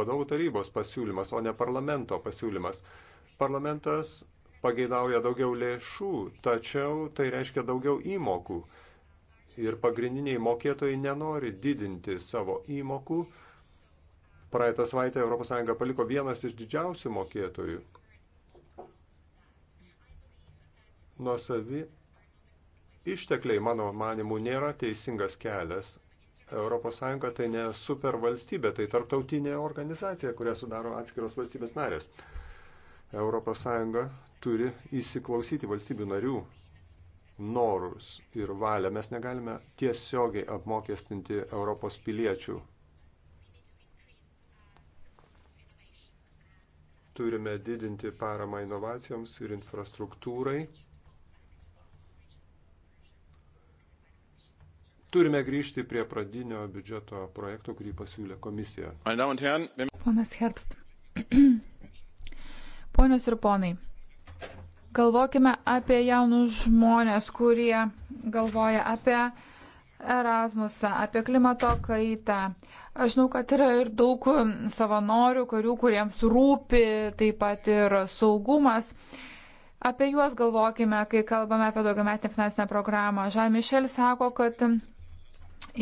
vadovų tarybos pasiūlymas, o ne parlamento pasiūlymas. Parlamentas pageidauja daugiau lėšų, tačiau tai reiškia daugiau įmokų ir pagrindiniai mokėtojai nenori didinti savo įmokų. Praeitą savaitę ES paliko vienas iš didžiausių mokėtojų. Nuosavi ištekliai, mano manimu, nėra teisingas kelias. ES tai ne supervalstybė, tai tarptautinė organizacija, kurią sudaro atskiros valstybės narės. ES turi įsiklausyti valstybių narių norus ir valią. Mes negalime tiesiogiai apmokestinti Europos piliečių. Turime didinti paramą inovacijoms ir infrastruktūrai. Turime grįžti prie pradinio biudžeto projekto, kurį pasiūlė komisija. Ponas Herbst. Ponios ir ponai, Galvokime apie jaunus žmonės, kurie galvoja apie Erasmusą, apie klimato kaitą. Aš žinau, kad yra ir daug savanorių, karių, kuriems rūpi taip pat ir saugumas. Apie juos galvokime, kai kalbame apie daugiametinę finansinę programą. Žan Mišel sako, kad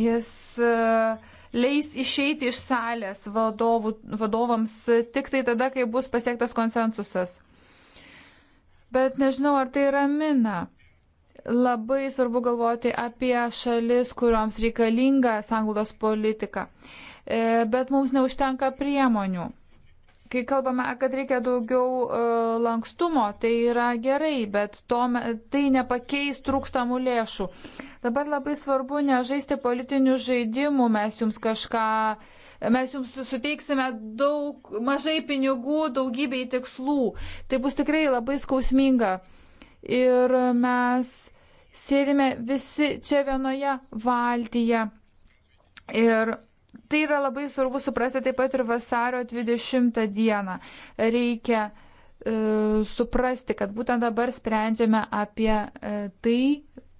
jis e, leis išeiti iš salės vadovų, vadovams tik tai tada, kai bus pasiektas konsensusas bet nežinau, ar tai ramina. Labai svarbu galvoti apie šalis, kuriuoms reikalinga sanglaudos politika, e, bet mums neužtenka priemonių. Kai kalbame, kad reikia daugiau e, lankstumo, tai yra gerai, bet to, tai nepakeis trūkstamų lėšų. Dabar labai svarbu nežaisti politinių žaidimų, mes jums kažką, mes jums suteiksime daug, mažai pinigų daugybei tikslų. Tai bus tikrai labai skausminga. Ir mes sėdime visi čia vienoje valtyje. Ir Tai yra labai svarbu suprasti taip pat ir vasario 20 dieną. Reikia e, suprasti, kad būtent dabar sprendžiame apie e, tai,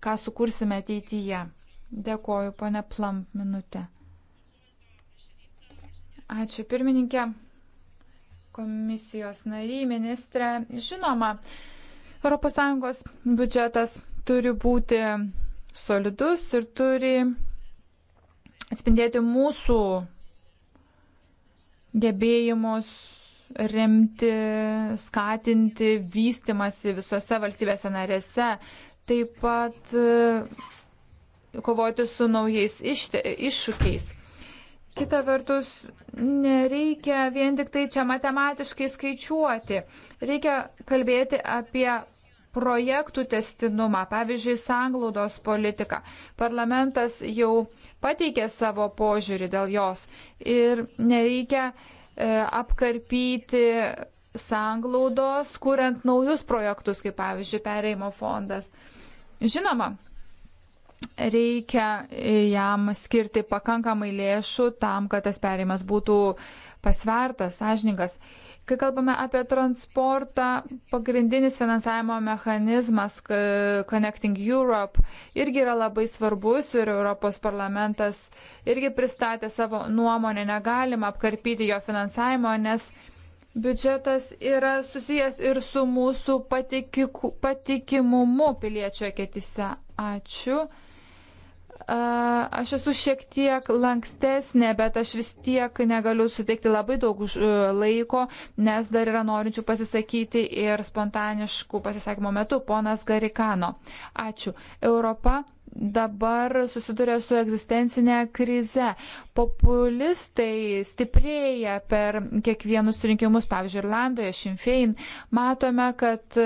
ką sukursime ateityje. Dėkoju, ponė Plam, minutė. Ačiū pirmininkė, komisijos nariai, ministrė. Žinoma, ES biudžetas turi būti solidus ir turi atspindėti mūsų gebėjimus remti, skatinti vystimasi visose valstybėse narėse, taip pat e, kovoti su naujais iššūkiais. Kita vertus, nereikia vien tik tai čia matematiškai skaičiuoti. Reikia kalbėti apie projektų testinumą, pavyzdžiui, sanglaudos politiką. Parlamentas jau pateikė savo požiūrį dėl jos ir nereikia e, apkarpyti sanglaudos, kuriant naujus projektus, kaip pavyzdžiui, pereimo fondas. Žinoma, reikia e, jam skirti pakankamai lėšų tam, kad tas pereimas būtų pasvertas, sąžininkas. Kai kalbame apie transportą, pagrindinis finansavimo mechanizmas Connecting Europe irgi yra labai svarbus ir Europos parlamentas irgi pristatė savo nuomonę, negalima apkarpyti jo finansavimo, nes biudžetas yra susijęs ir su mūsų patikiku, patikimumu piliečio ketise. Ačiū. Aš esu šiek tiek lankstesnė, bet aš vis tiek negaliu suteikti labai daug e, laiko, nes dar yra norinčių pasisakyti ir spontaniškų pasisakymo metu. Ponas Garikano. Ačiū. Europa dabar susiduria su egzistencinė krize. Populistai stiprėja per kiekvienus rinkimus, pavyzdžiui, Irlandoje, Šimfein. Matome, kad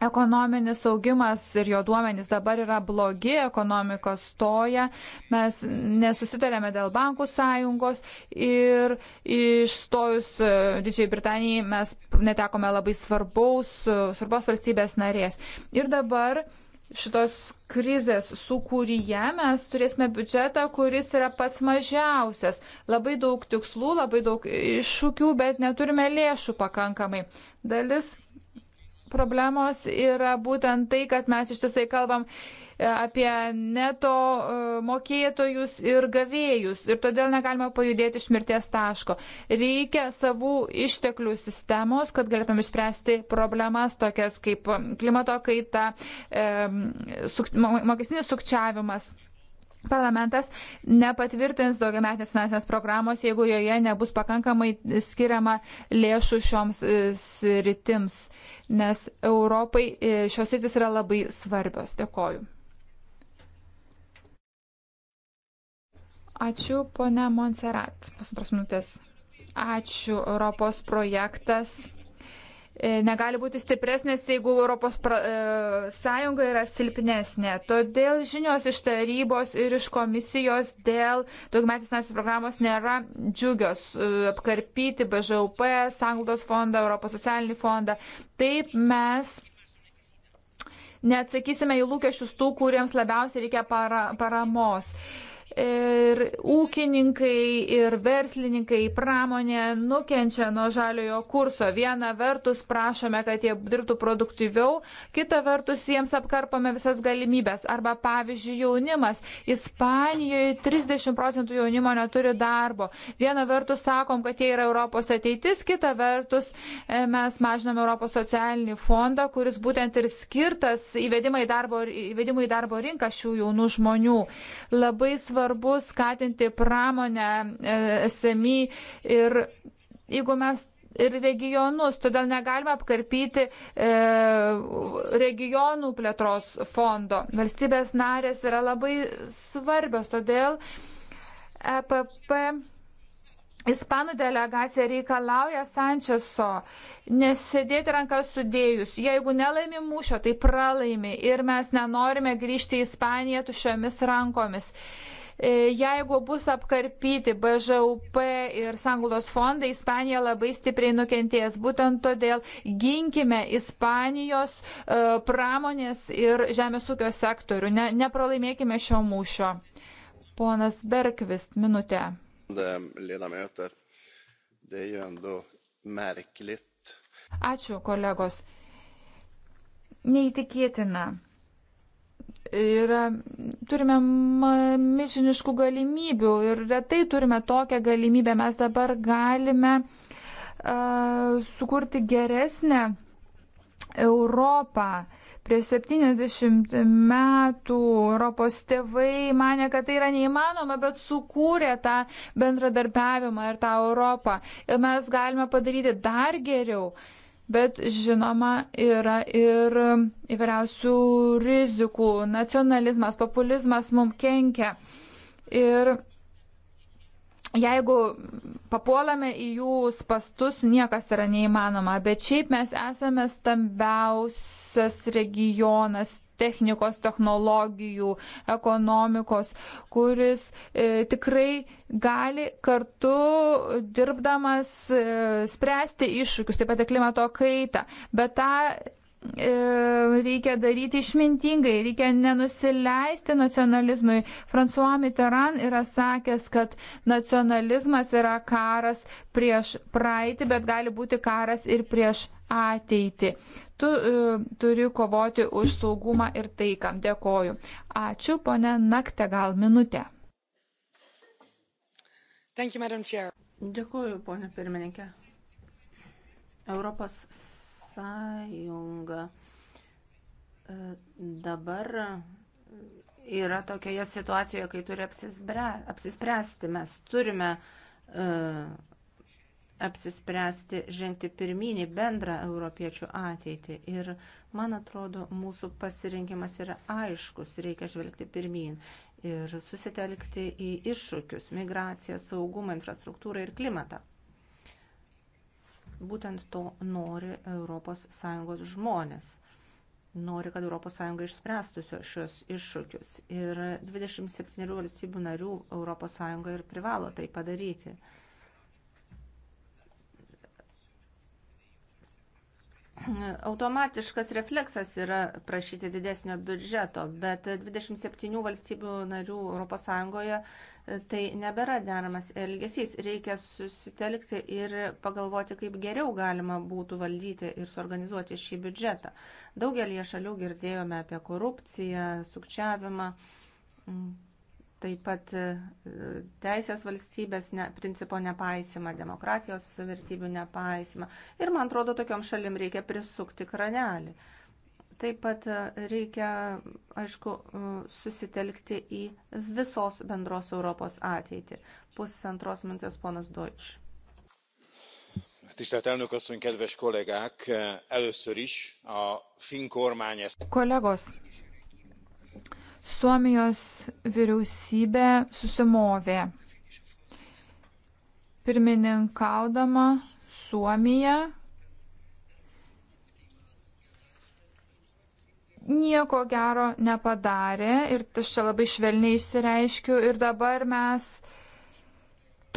ekonominis augimas ir jo duomenys dabar yra blogi, ekonomikos stoja, mes nesusitarėme dėl bankų sąjungos ir išstojus e, Didžiai Britanijai mes netekome labai svarbaus, e, svarbos valstybės narės. Ir dabar šitos krizės sukūryje mes turėsime biudžetą, kuris yra pats mažiausias. Labai daug tikslų, labai daug iššūkių, bet neturime lėšų pakankamai. Dalis problemos yra būtent tai, kad mes ištisai kalbam e, apie neto e, mokėtojus ir gavėjus ir todėl negalime pajudėti iš mirties taško. Reikia savų išteklių sistemos, kad galėtume išspręsti problemas tokias kaip klimato kaita, e, suk, mokesinis sukčiavimas. Parlamentas nepatvirtins daugiametės finansinės programos, jeigu joje nebus pakankamai skiriama lėšų šioms e, sritims, nes Europai e, šios sritis yra labai svarbios. Dėkoju. Ačiū, ponia Monserat. Pusantros minutės. Ačiū, Europos projektas E, negali būti stipresnės, jeigu Europos pra, e, sąjunga yra silpnesnė. Todėl žinios iš tarybos ir iš komisijos dėl daugmetės nacinės programos nėra džiugios. E, apkarpyti BŽUP, Sanglaudos fondą, Europos socialinį fondą. Taip mes neatsakysime į lūkesčius tų, kuriems labiausiai reikia para, paramos. E, ir ūkininkai, ir verslininkai, pramonė nukenčia nuo žaliojo kurso. Viena vertus prašome, kad jie dirbtų produktyviau, kita vertus jiems apkarpame visas galimybės. Arba pavyzdžiui jaunimas. Ispanijoje 30 procentų jaunimo neturi darbo. Viena vertus sakom, kad jie yra Europos ateitis, kita vertus e, mes mažiname Europos socialinį fondą, kuris būtent ir skirtas įvedimui į darbo, įvedimą į darbo rinką šių jaunų žmonių. Labai svarbu svarbu skatinti pramonę, e, SMI ir jeigu mes ir regionus, todėl negalime apkarpyti e, regionų plėtros fondo. Valstybės narės yra labai svarbios, todėl EPP Ispanų delegacija reikalauja Sančeso nesėdėti rankas sudėjus. Jeigu nelaimi mūšio, tai pralaimi ir mes nenorime grįžti į Ispaniją tušiomis rankomis. E, E, jeigu bus apkarpyti BŽUP ir sanglaudos fondai, Ispanija labai stipriai nukentės. Būtent todėl ginkime Ispanijos e, pramonės ir žemės ūkio sektorių. Ne, nepralaimėkime šio mūšio. Ponas Berkvist, minutė. Ačiū, kolegos. Neįtikėtina yra, turime milžiniškų galimybių ir retai turime tokią galimybę. Mes dabar galime uh, sukurti geresnę Europą. Prieš 70 metų Europos tėvai mane, kad tai yra neįmanoma, bet sukūrė tą bendradarbiavimą ir tą Europą. Ir mes galime padaryti dar geriau. Uh, bet žinoma yra ir įvairiausių rizikų. Nacionalizmas, populizmas mums kenkia. Ir jeigu papuolame į jų spastus, niekas yra neįmanoma, bet šiaip mes esame stambiausias regionas technikos, technologijų, ekonomikos, kuris e, tikrai gali kartu dirbdamas e, spręsti iššūkius, taip pat ir klimato kaitą. Bet tą E, reikia daryti išmintingai, reikia nenusileisti nacionalizmui. François Mitterrand yra sakęs, kad nacionalizmas yra karas prieš praeitį, bet gali būti karas ir prieš ateitį. Tu uh, turi kovoti už saugumą ir taiką. Dėkoju. Ačiū, ponė Naktė, gal minutę. You, Dėkoju, ponė pirmininkė. Europos Sąjunga e, dabar yra tokioje situacijoje, kai turi apsispręsti. Mes turime e, apsispręsti žengti pirminį bendrą europiečių ateitį. Ir man atrodo, mūsų pasirinkimas yra aiškus, reikia žvelgti pirmin ir susitelkti į iššūkius - migraciją, saugumą, infrastruktūrą ir klimatą. Būtent to nori ES žmonės. Nori, kad ES išspręstų šios iššūkius. Ir 27 valstybių narių ES ir privalo tai padaryti. automatiškas refleksas yra prašyti didesnio biudžeto, bet 27 valstybių narių ES e, tai nebėra deramas elgesys. Reikia susitelkti ir pagalvoti, kaip geriau galima būtų valdyti ir suorganizuoti šį biudžetą. Daugelį šalių girdėjome apie korupciją, sukčiavimą. Mm taip pat e, teisės valstybės ne, principo nepaisimą, demokratijos vertybių nepaisimą. Ir man atrodo, tokiom šalim reikia prisukti kranelį. Taip pat e, reikia, aišku, e, susitelkti į visos bendros Europos ateitį. Pusantros minutės ponas Deutsch. Tisztelt elnök asszony, kedves kollégák! Először is a finn kormány ezt. Kollégos, Suomijos vyriausybė susimovė. Pirmininkaudama Suomija nieko gero nepadarė ir aš čia labai švelniai išsireiškiu ir dabar mes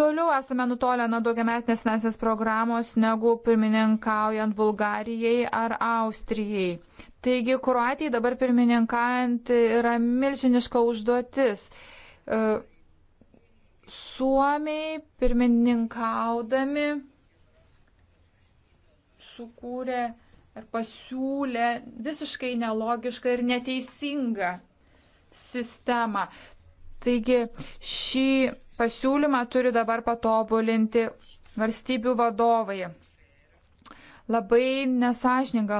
toliau esame nutolę nuo daugiametinės nesės programos negu pirmininkaujant Bulgarijai ar Austrijai. Taigi, Kruatijai dabar pirmininkaujant yra milžiniška užduotis. E, Suomiai pirmininkaudami sukūrė ir pasiūlė visiškai nelogišką ir neteisingą sistemą. Taigi šį pasiūlymą turi dabar patobulinti valstybių vadovai. Labai nesažininga,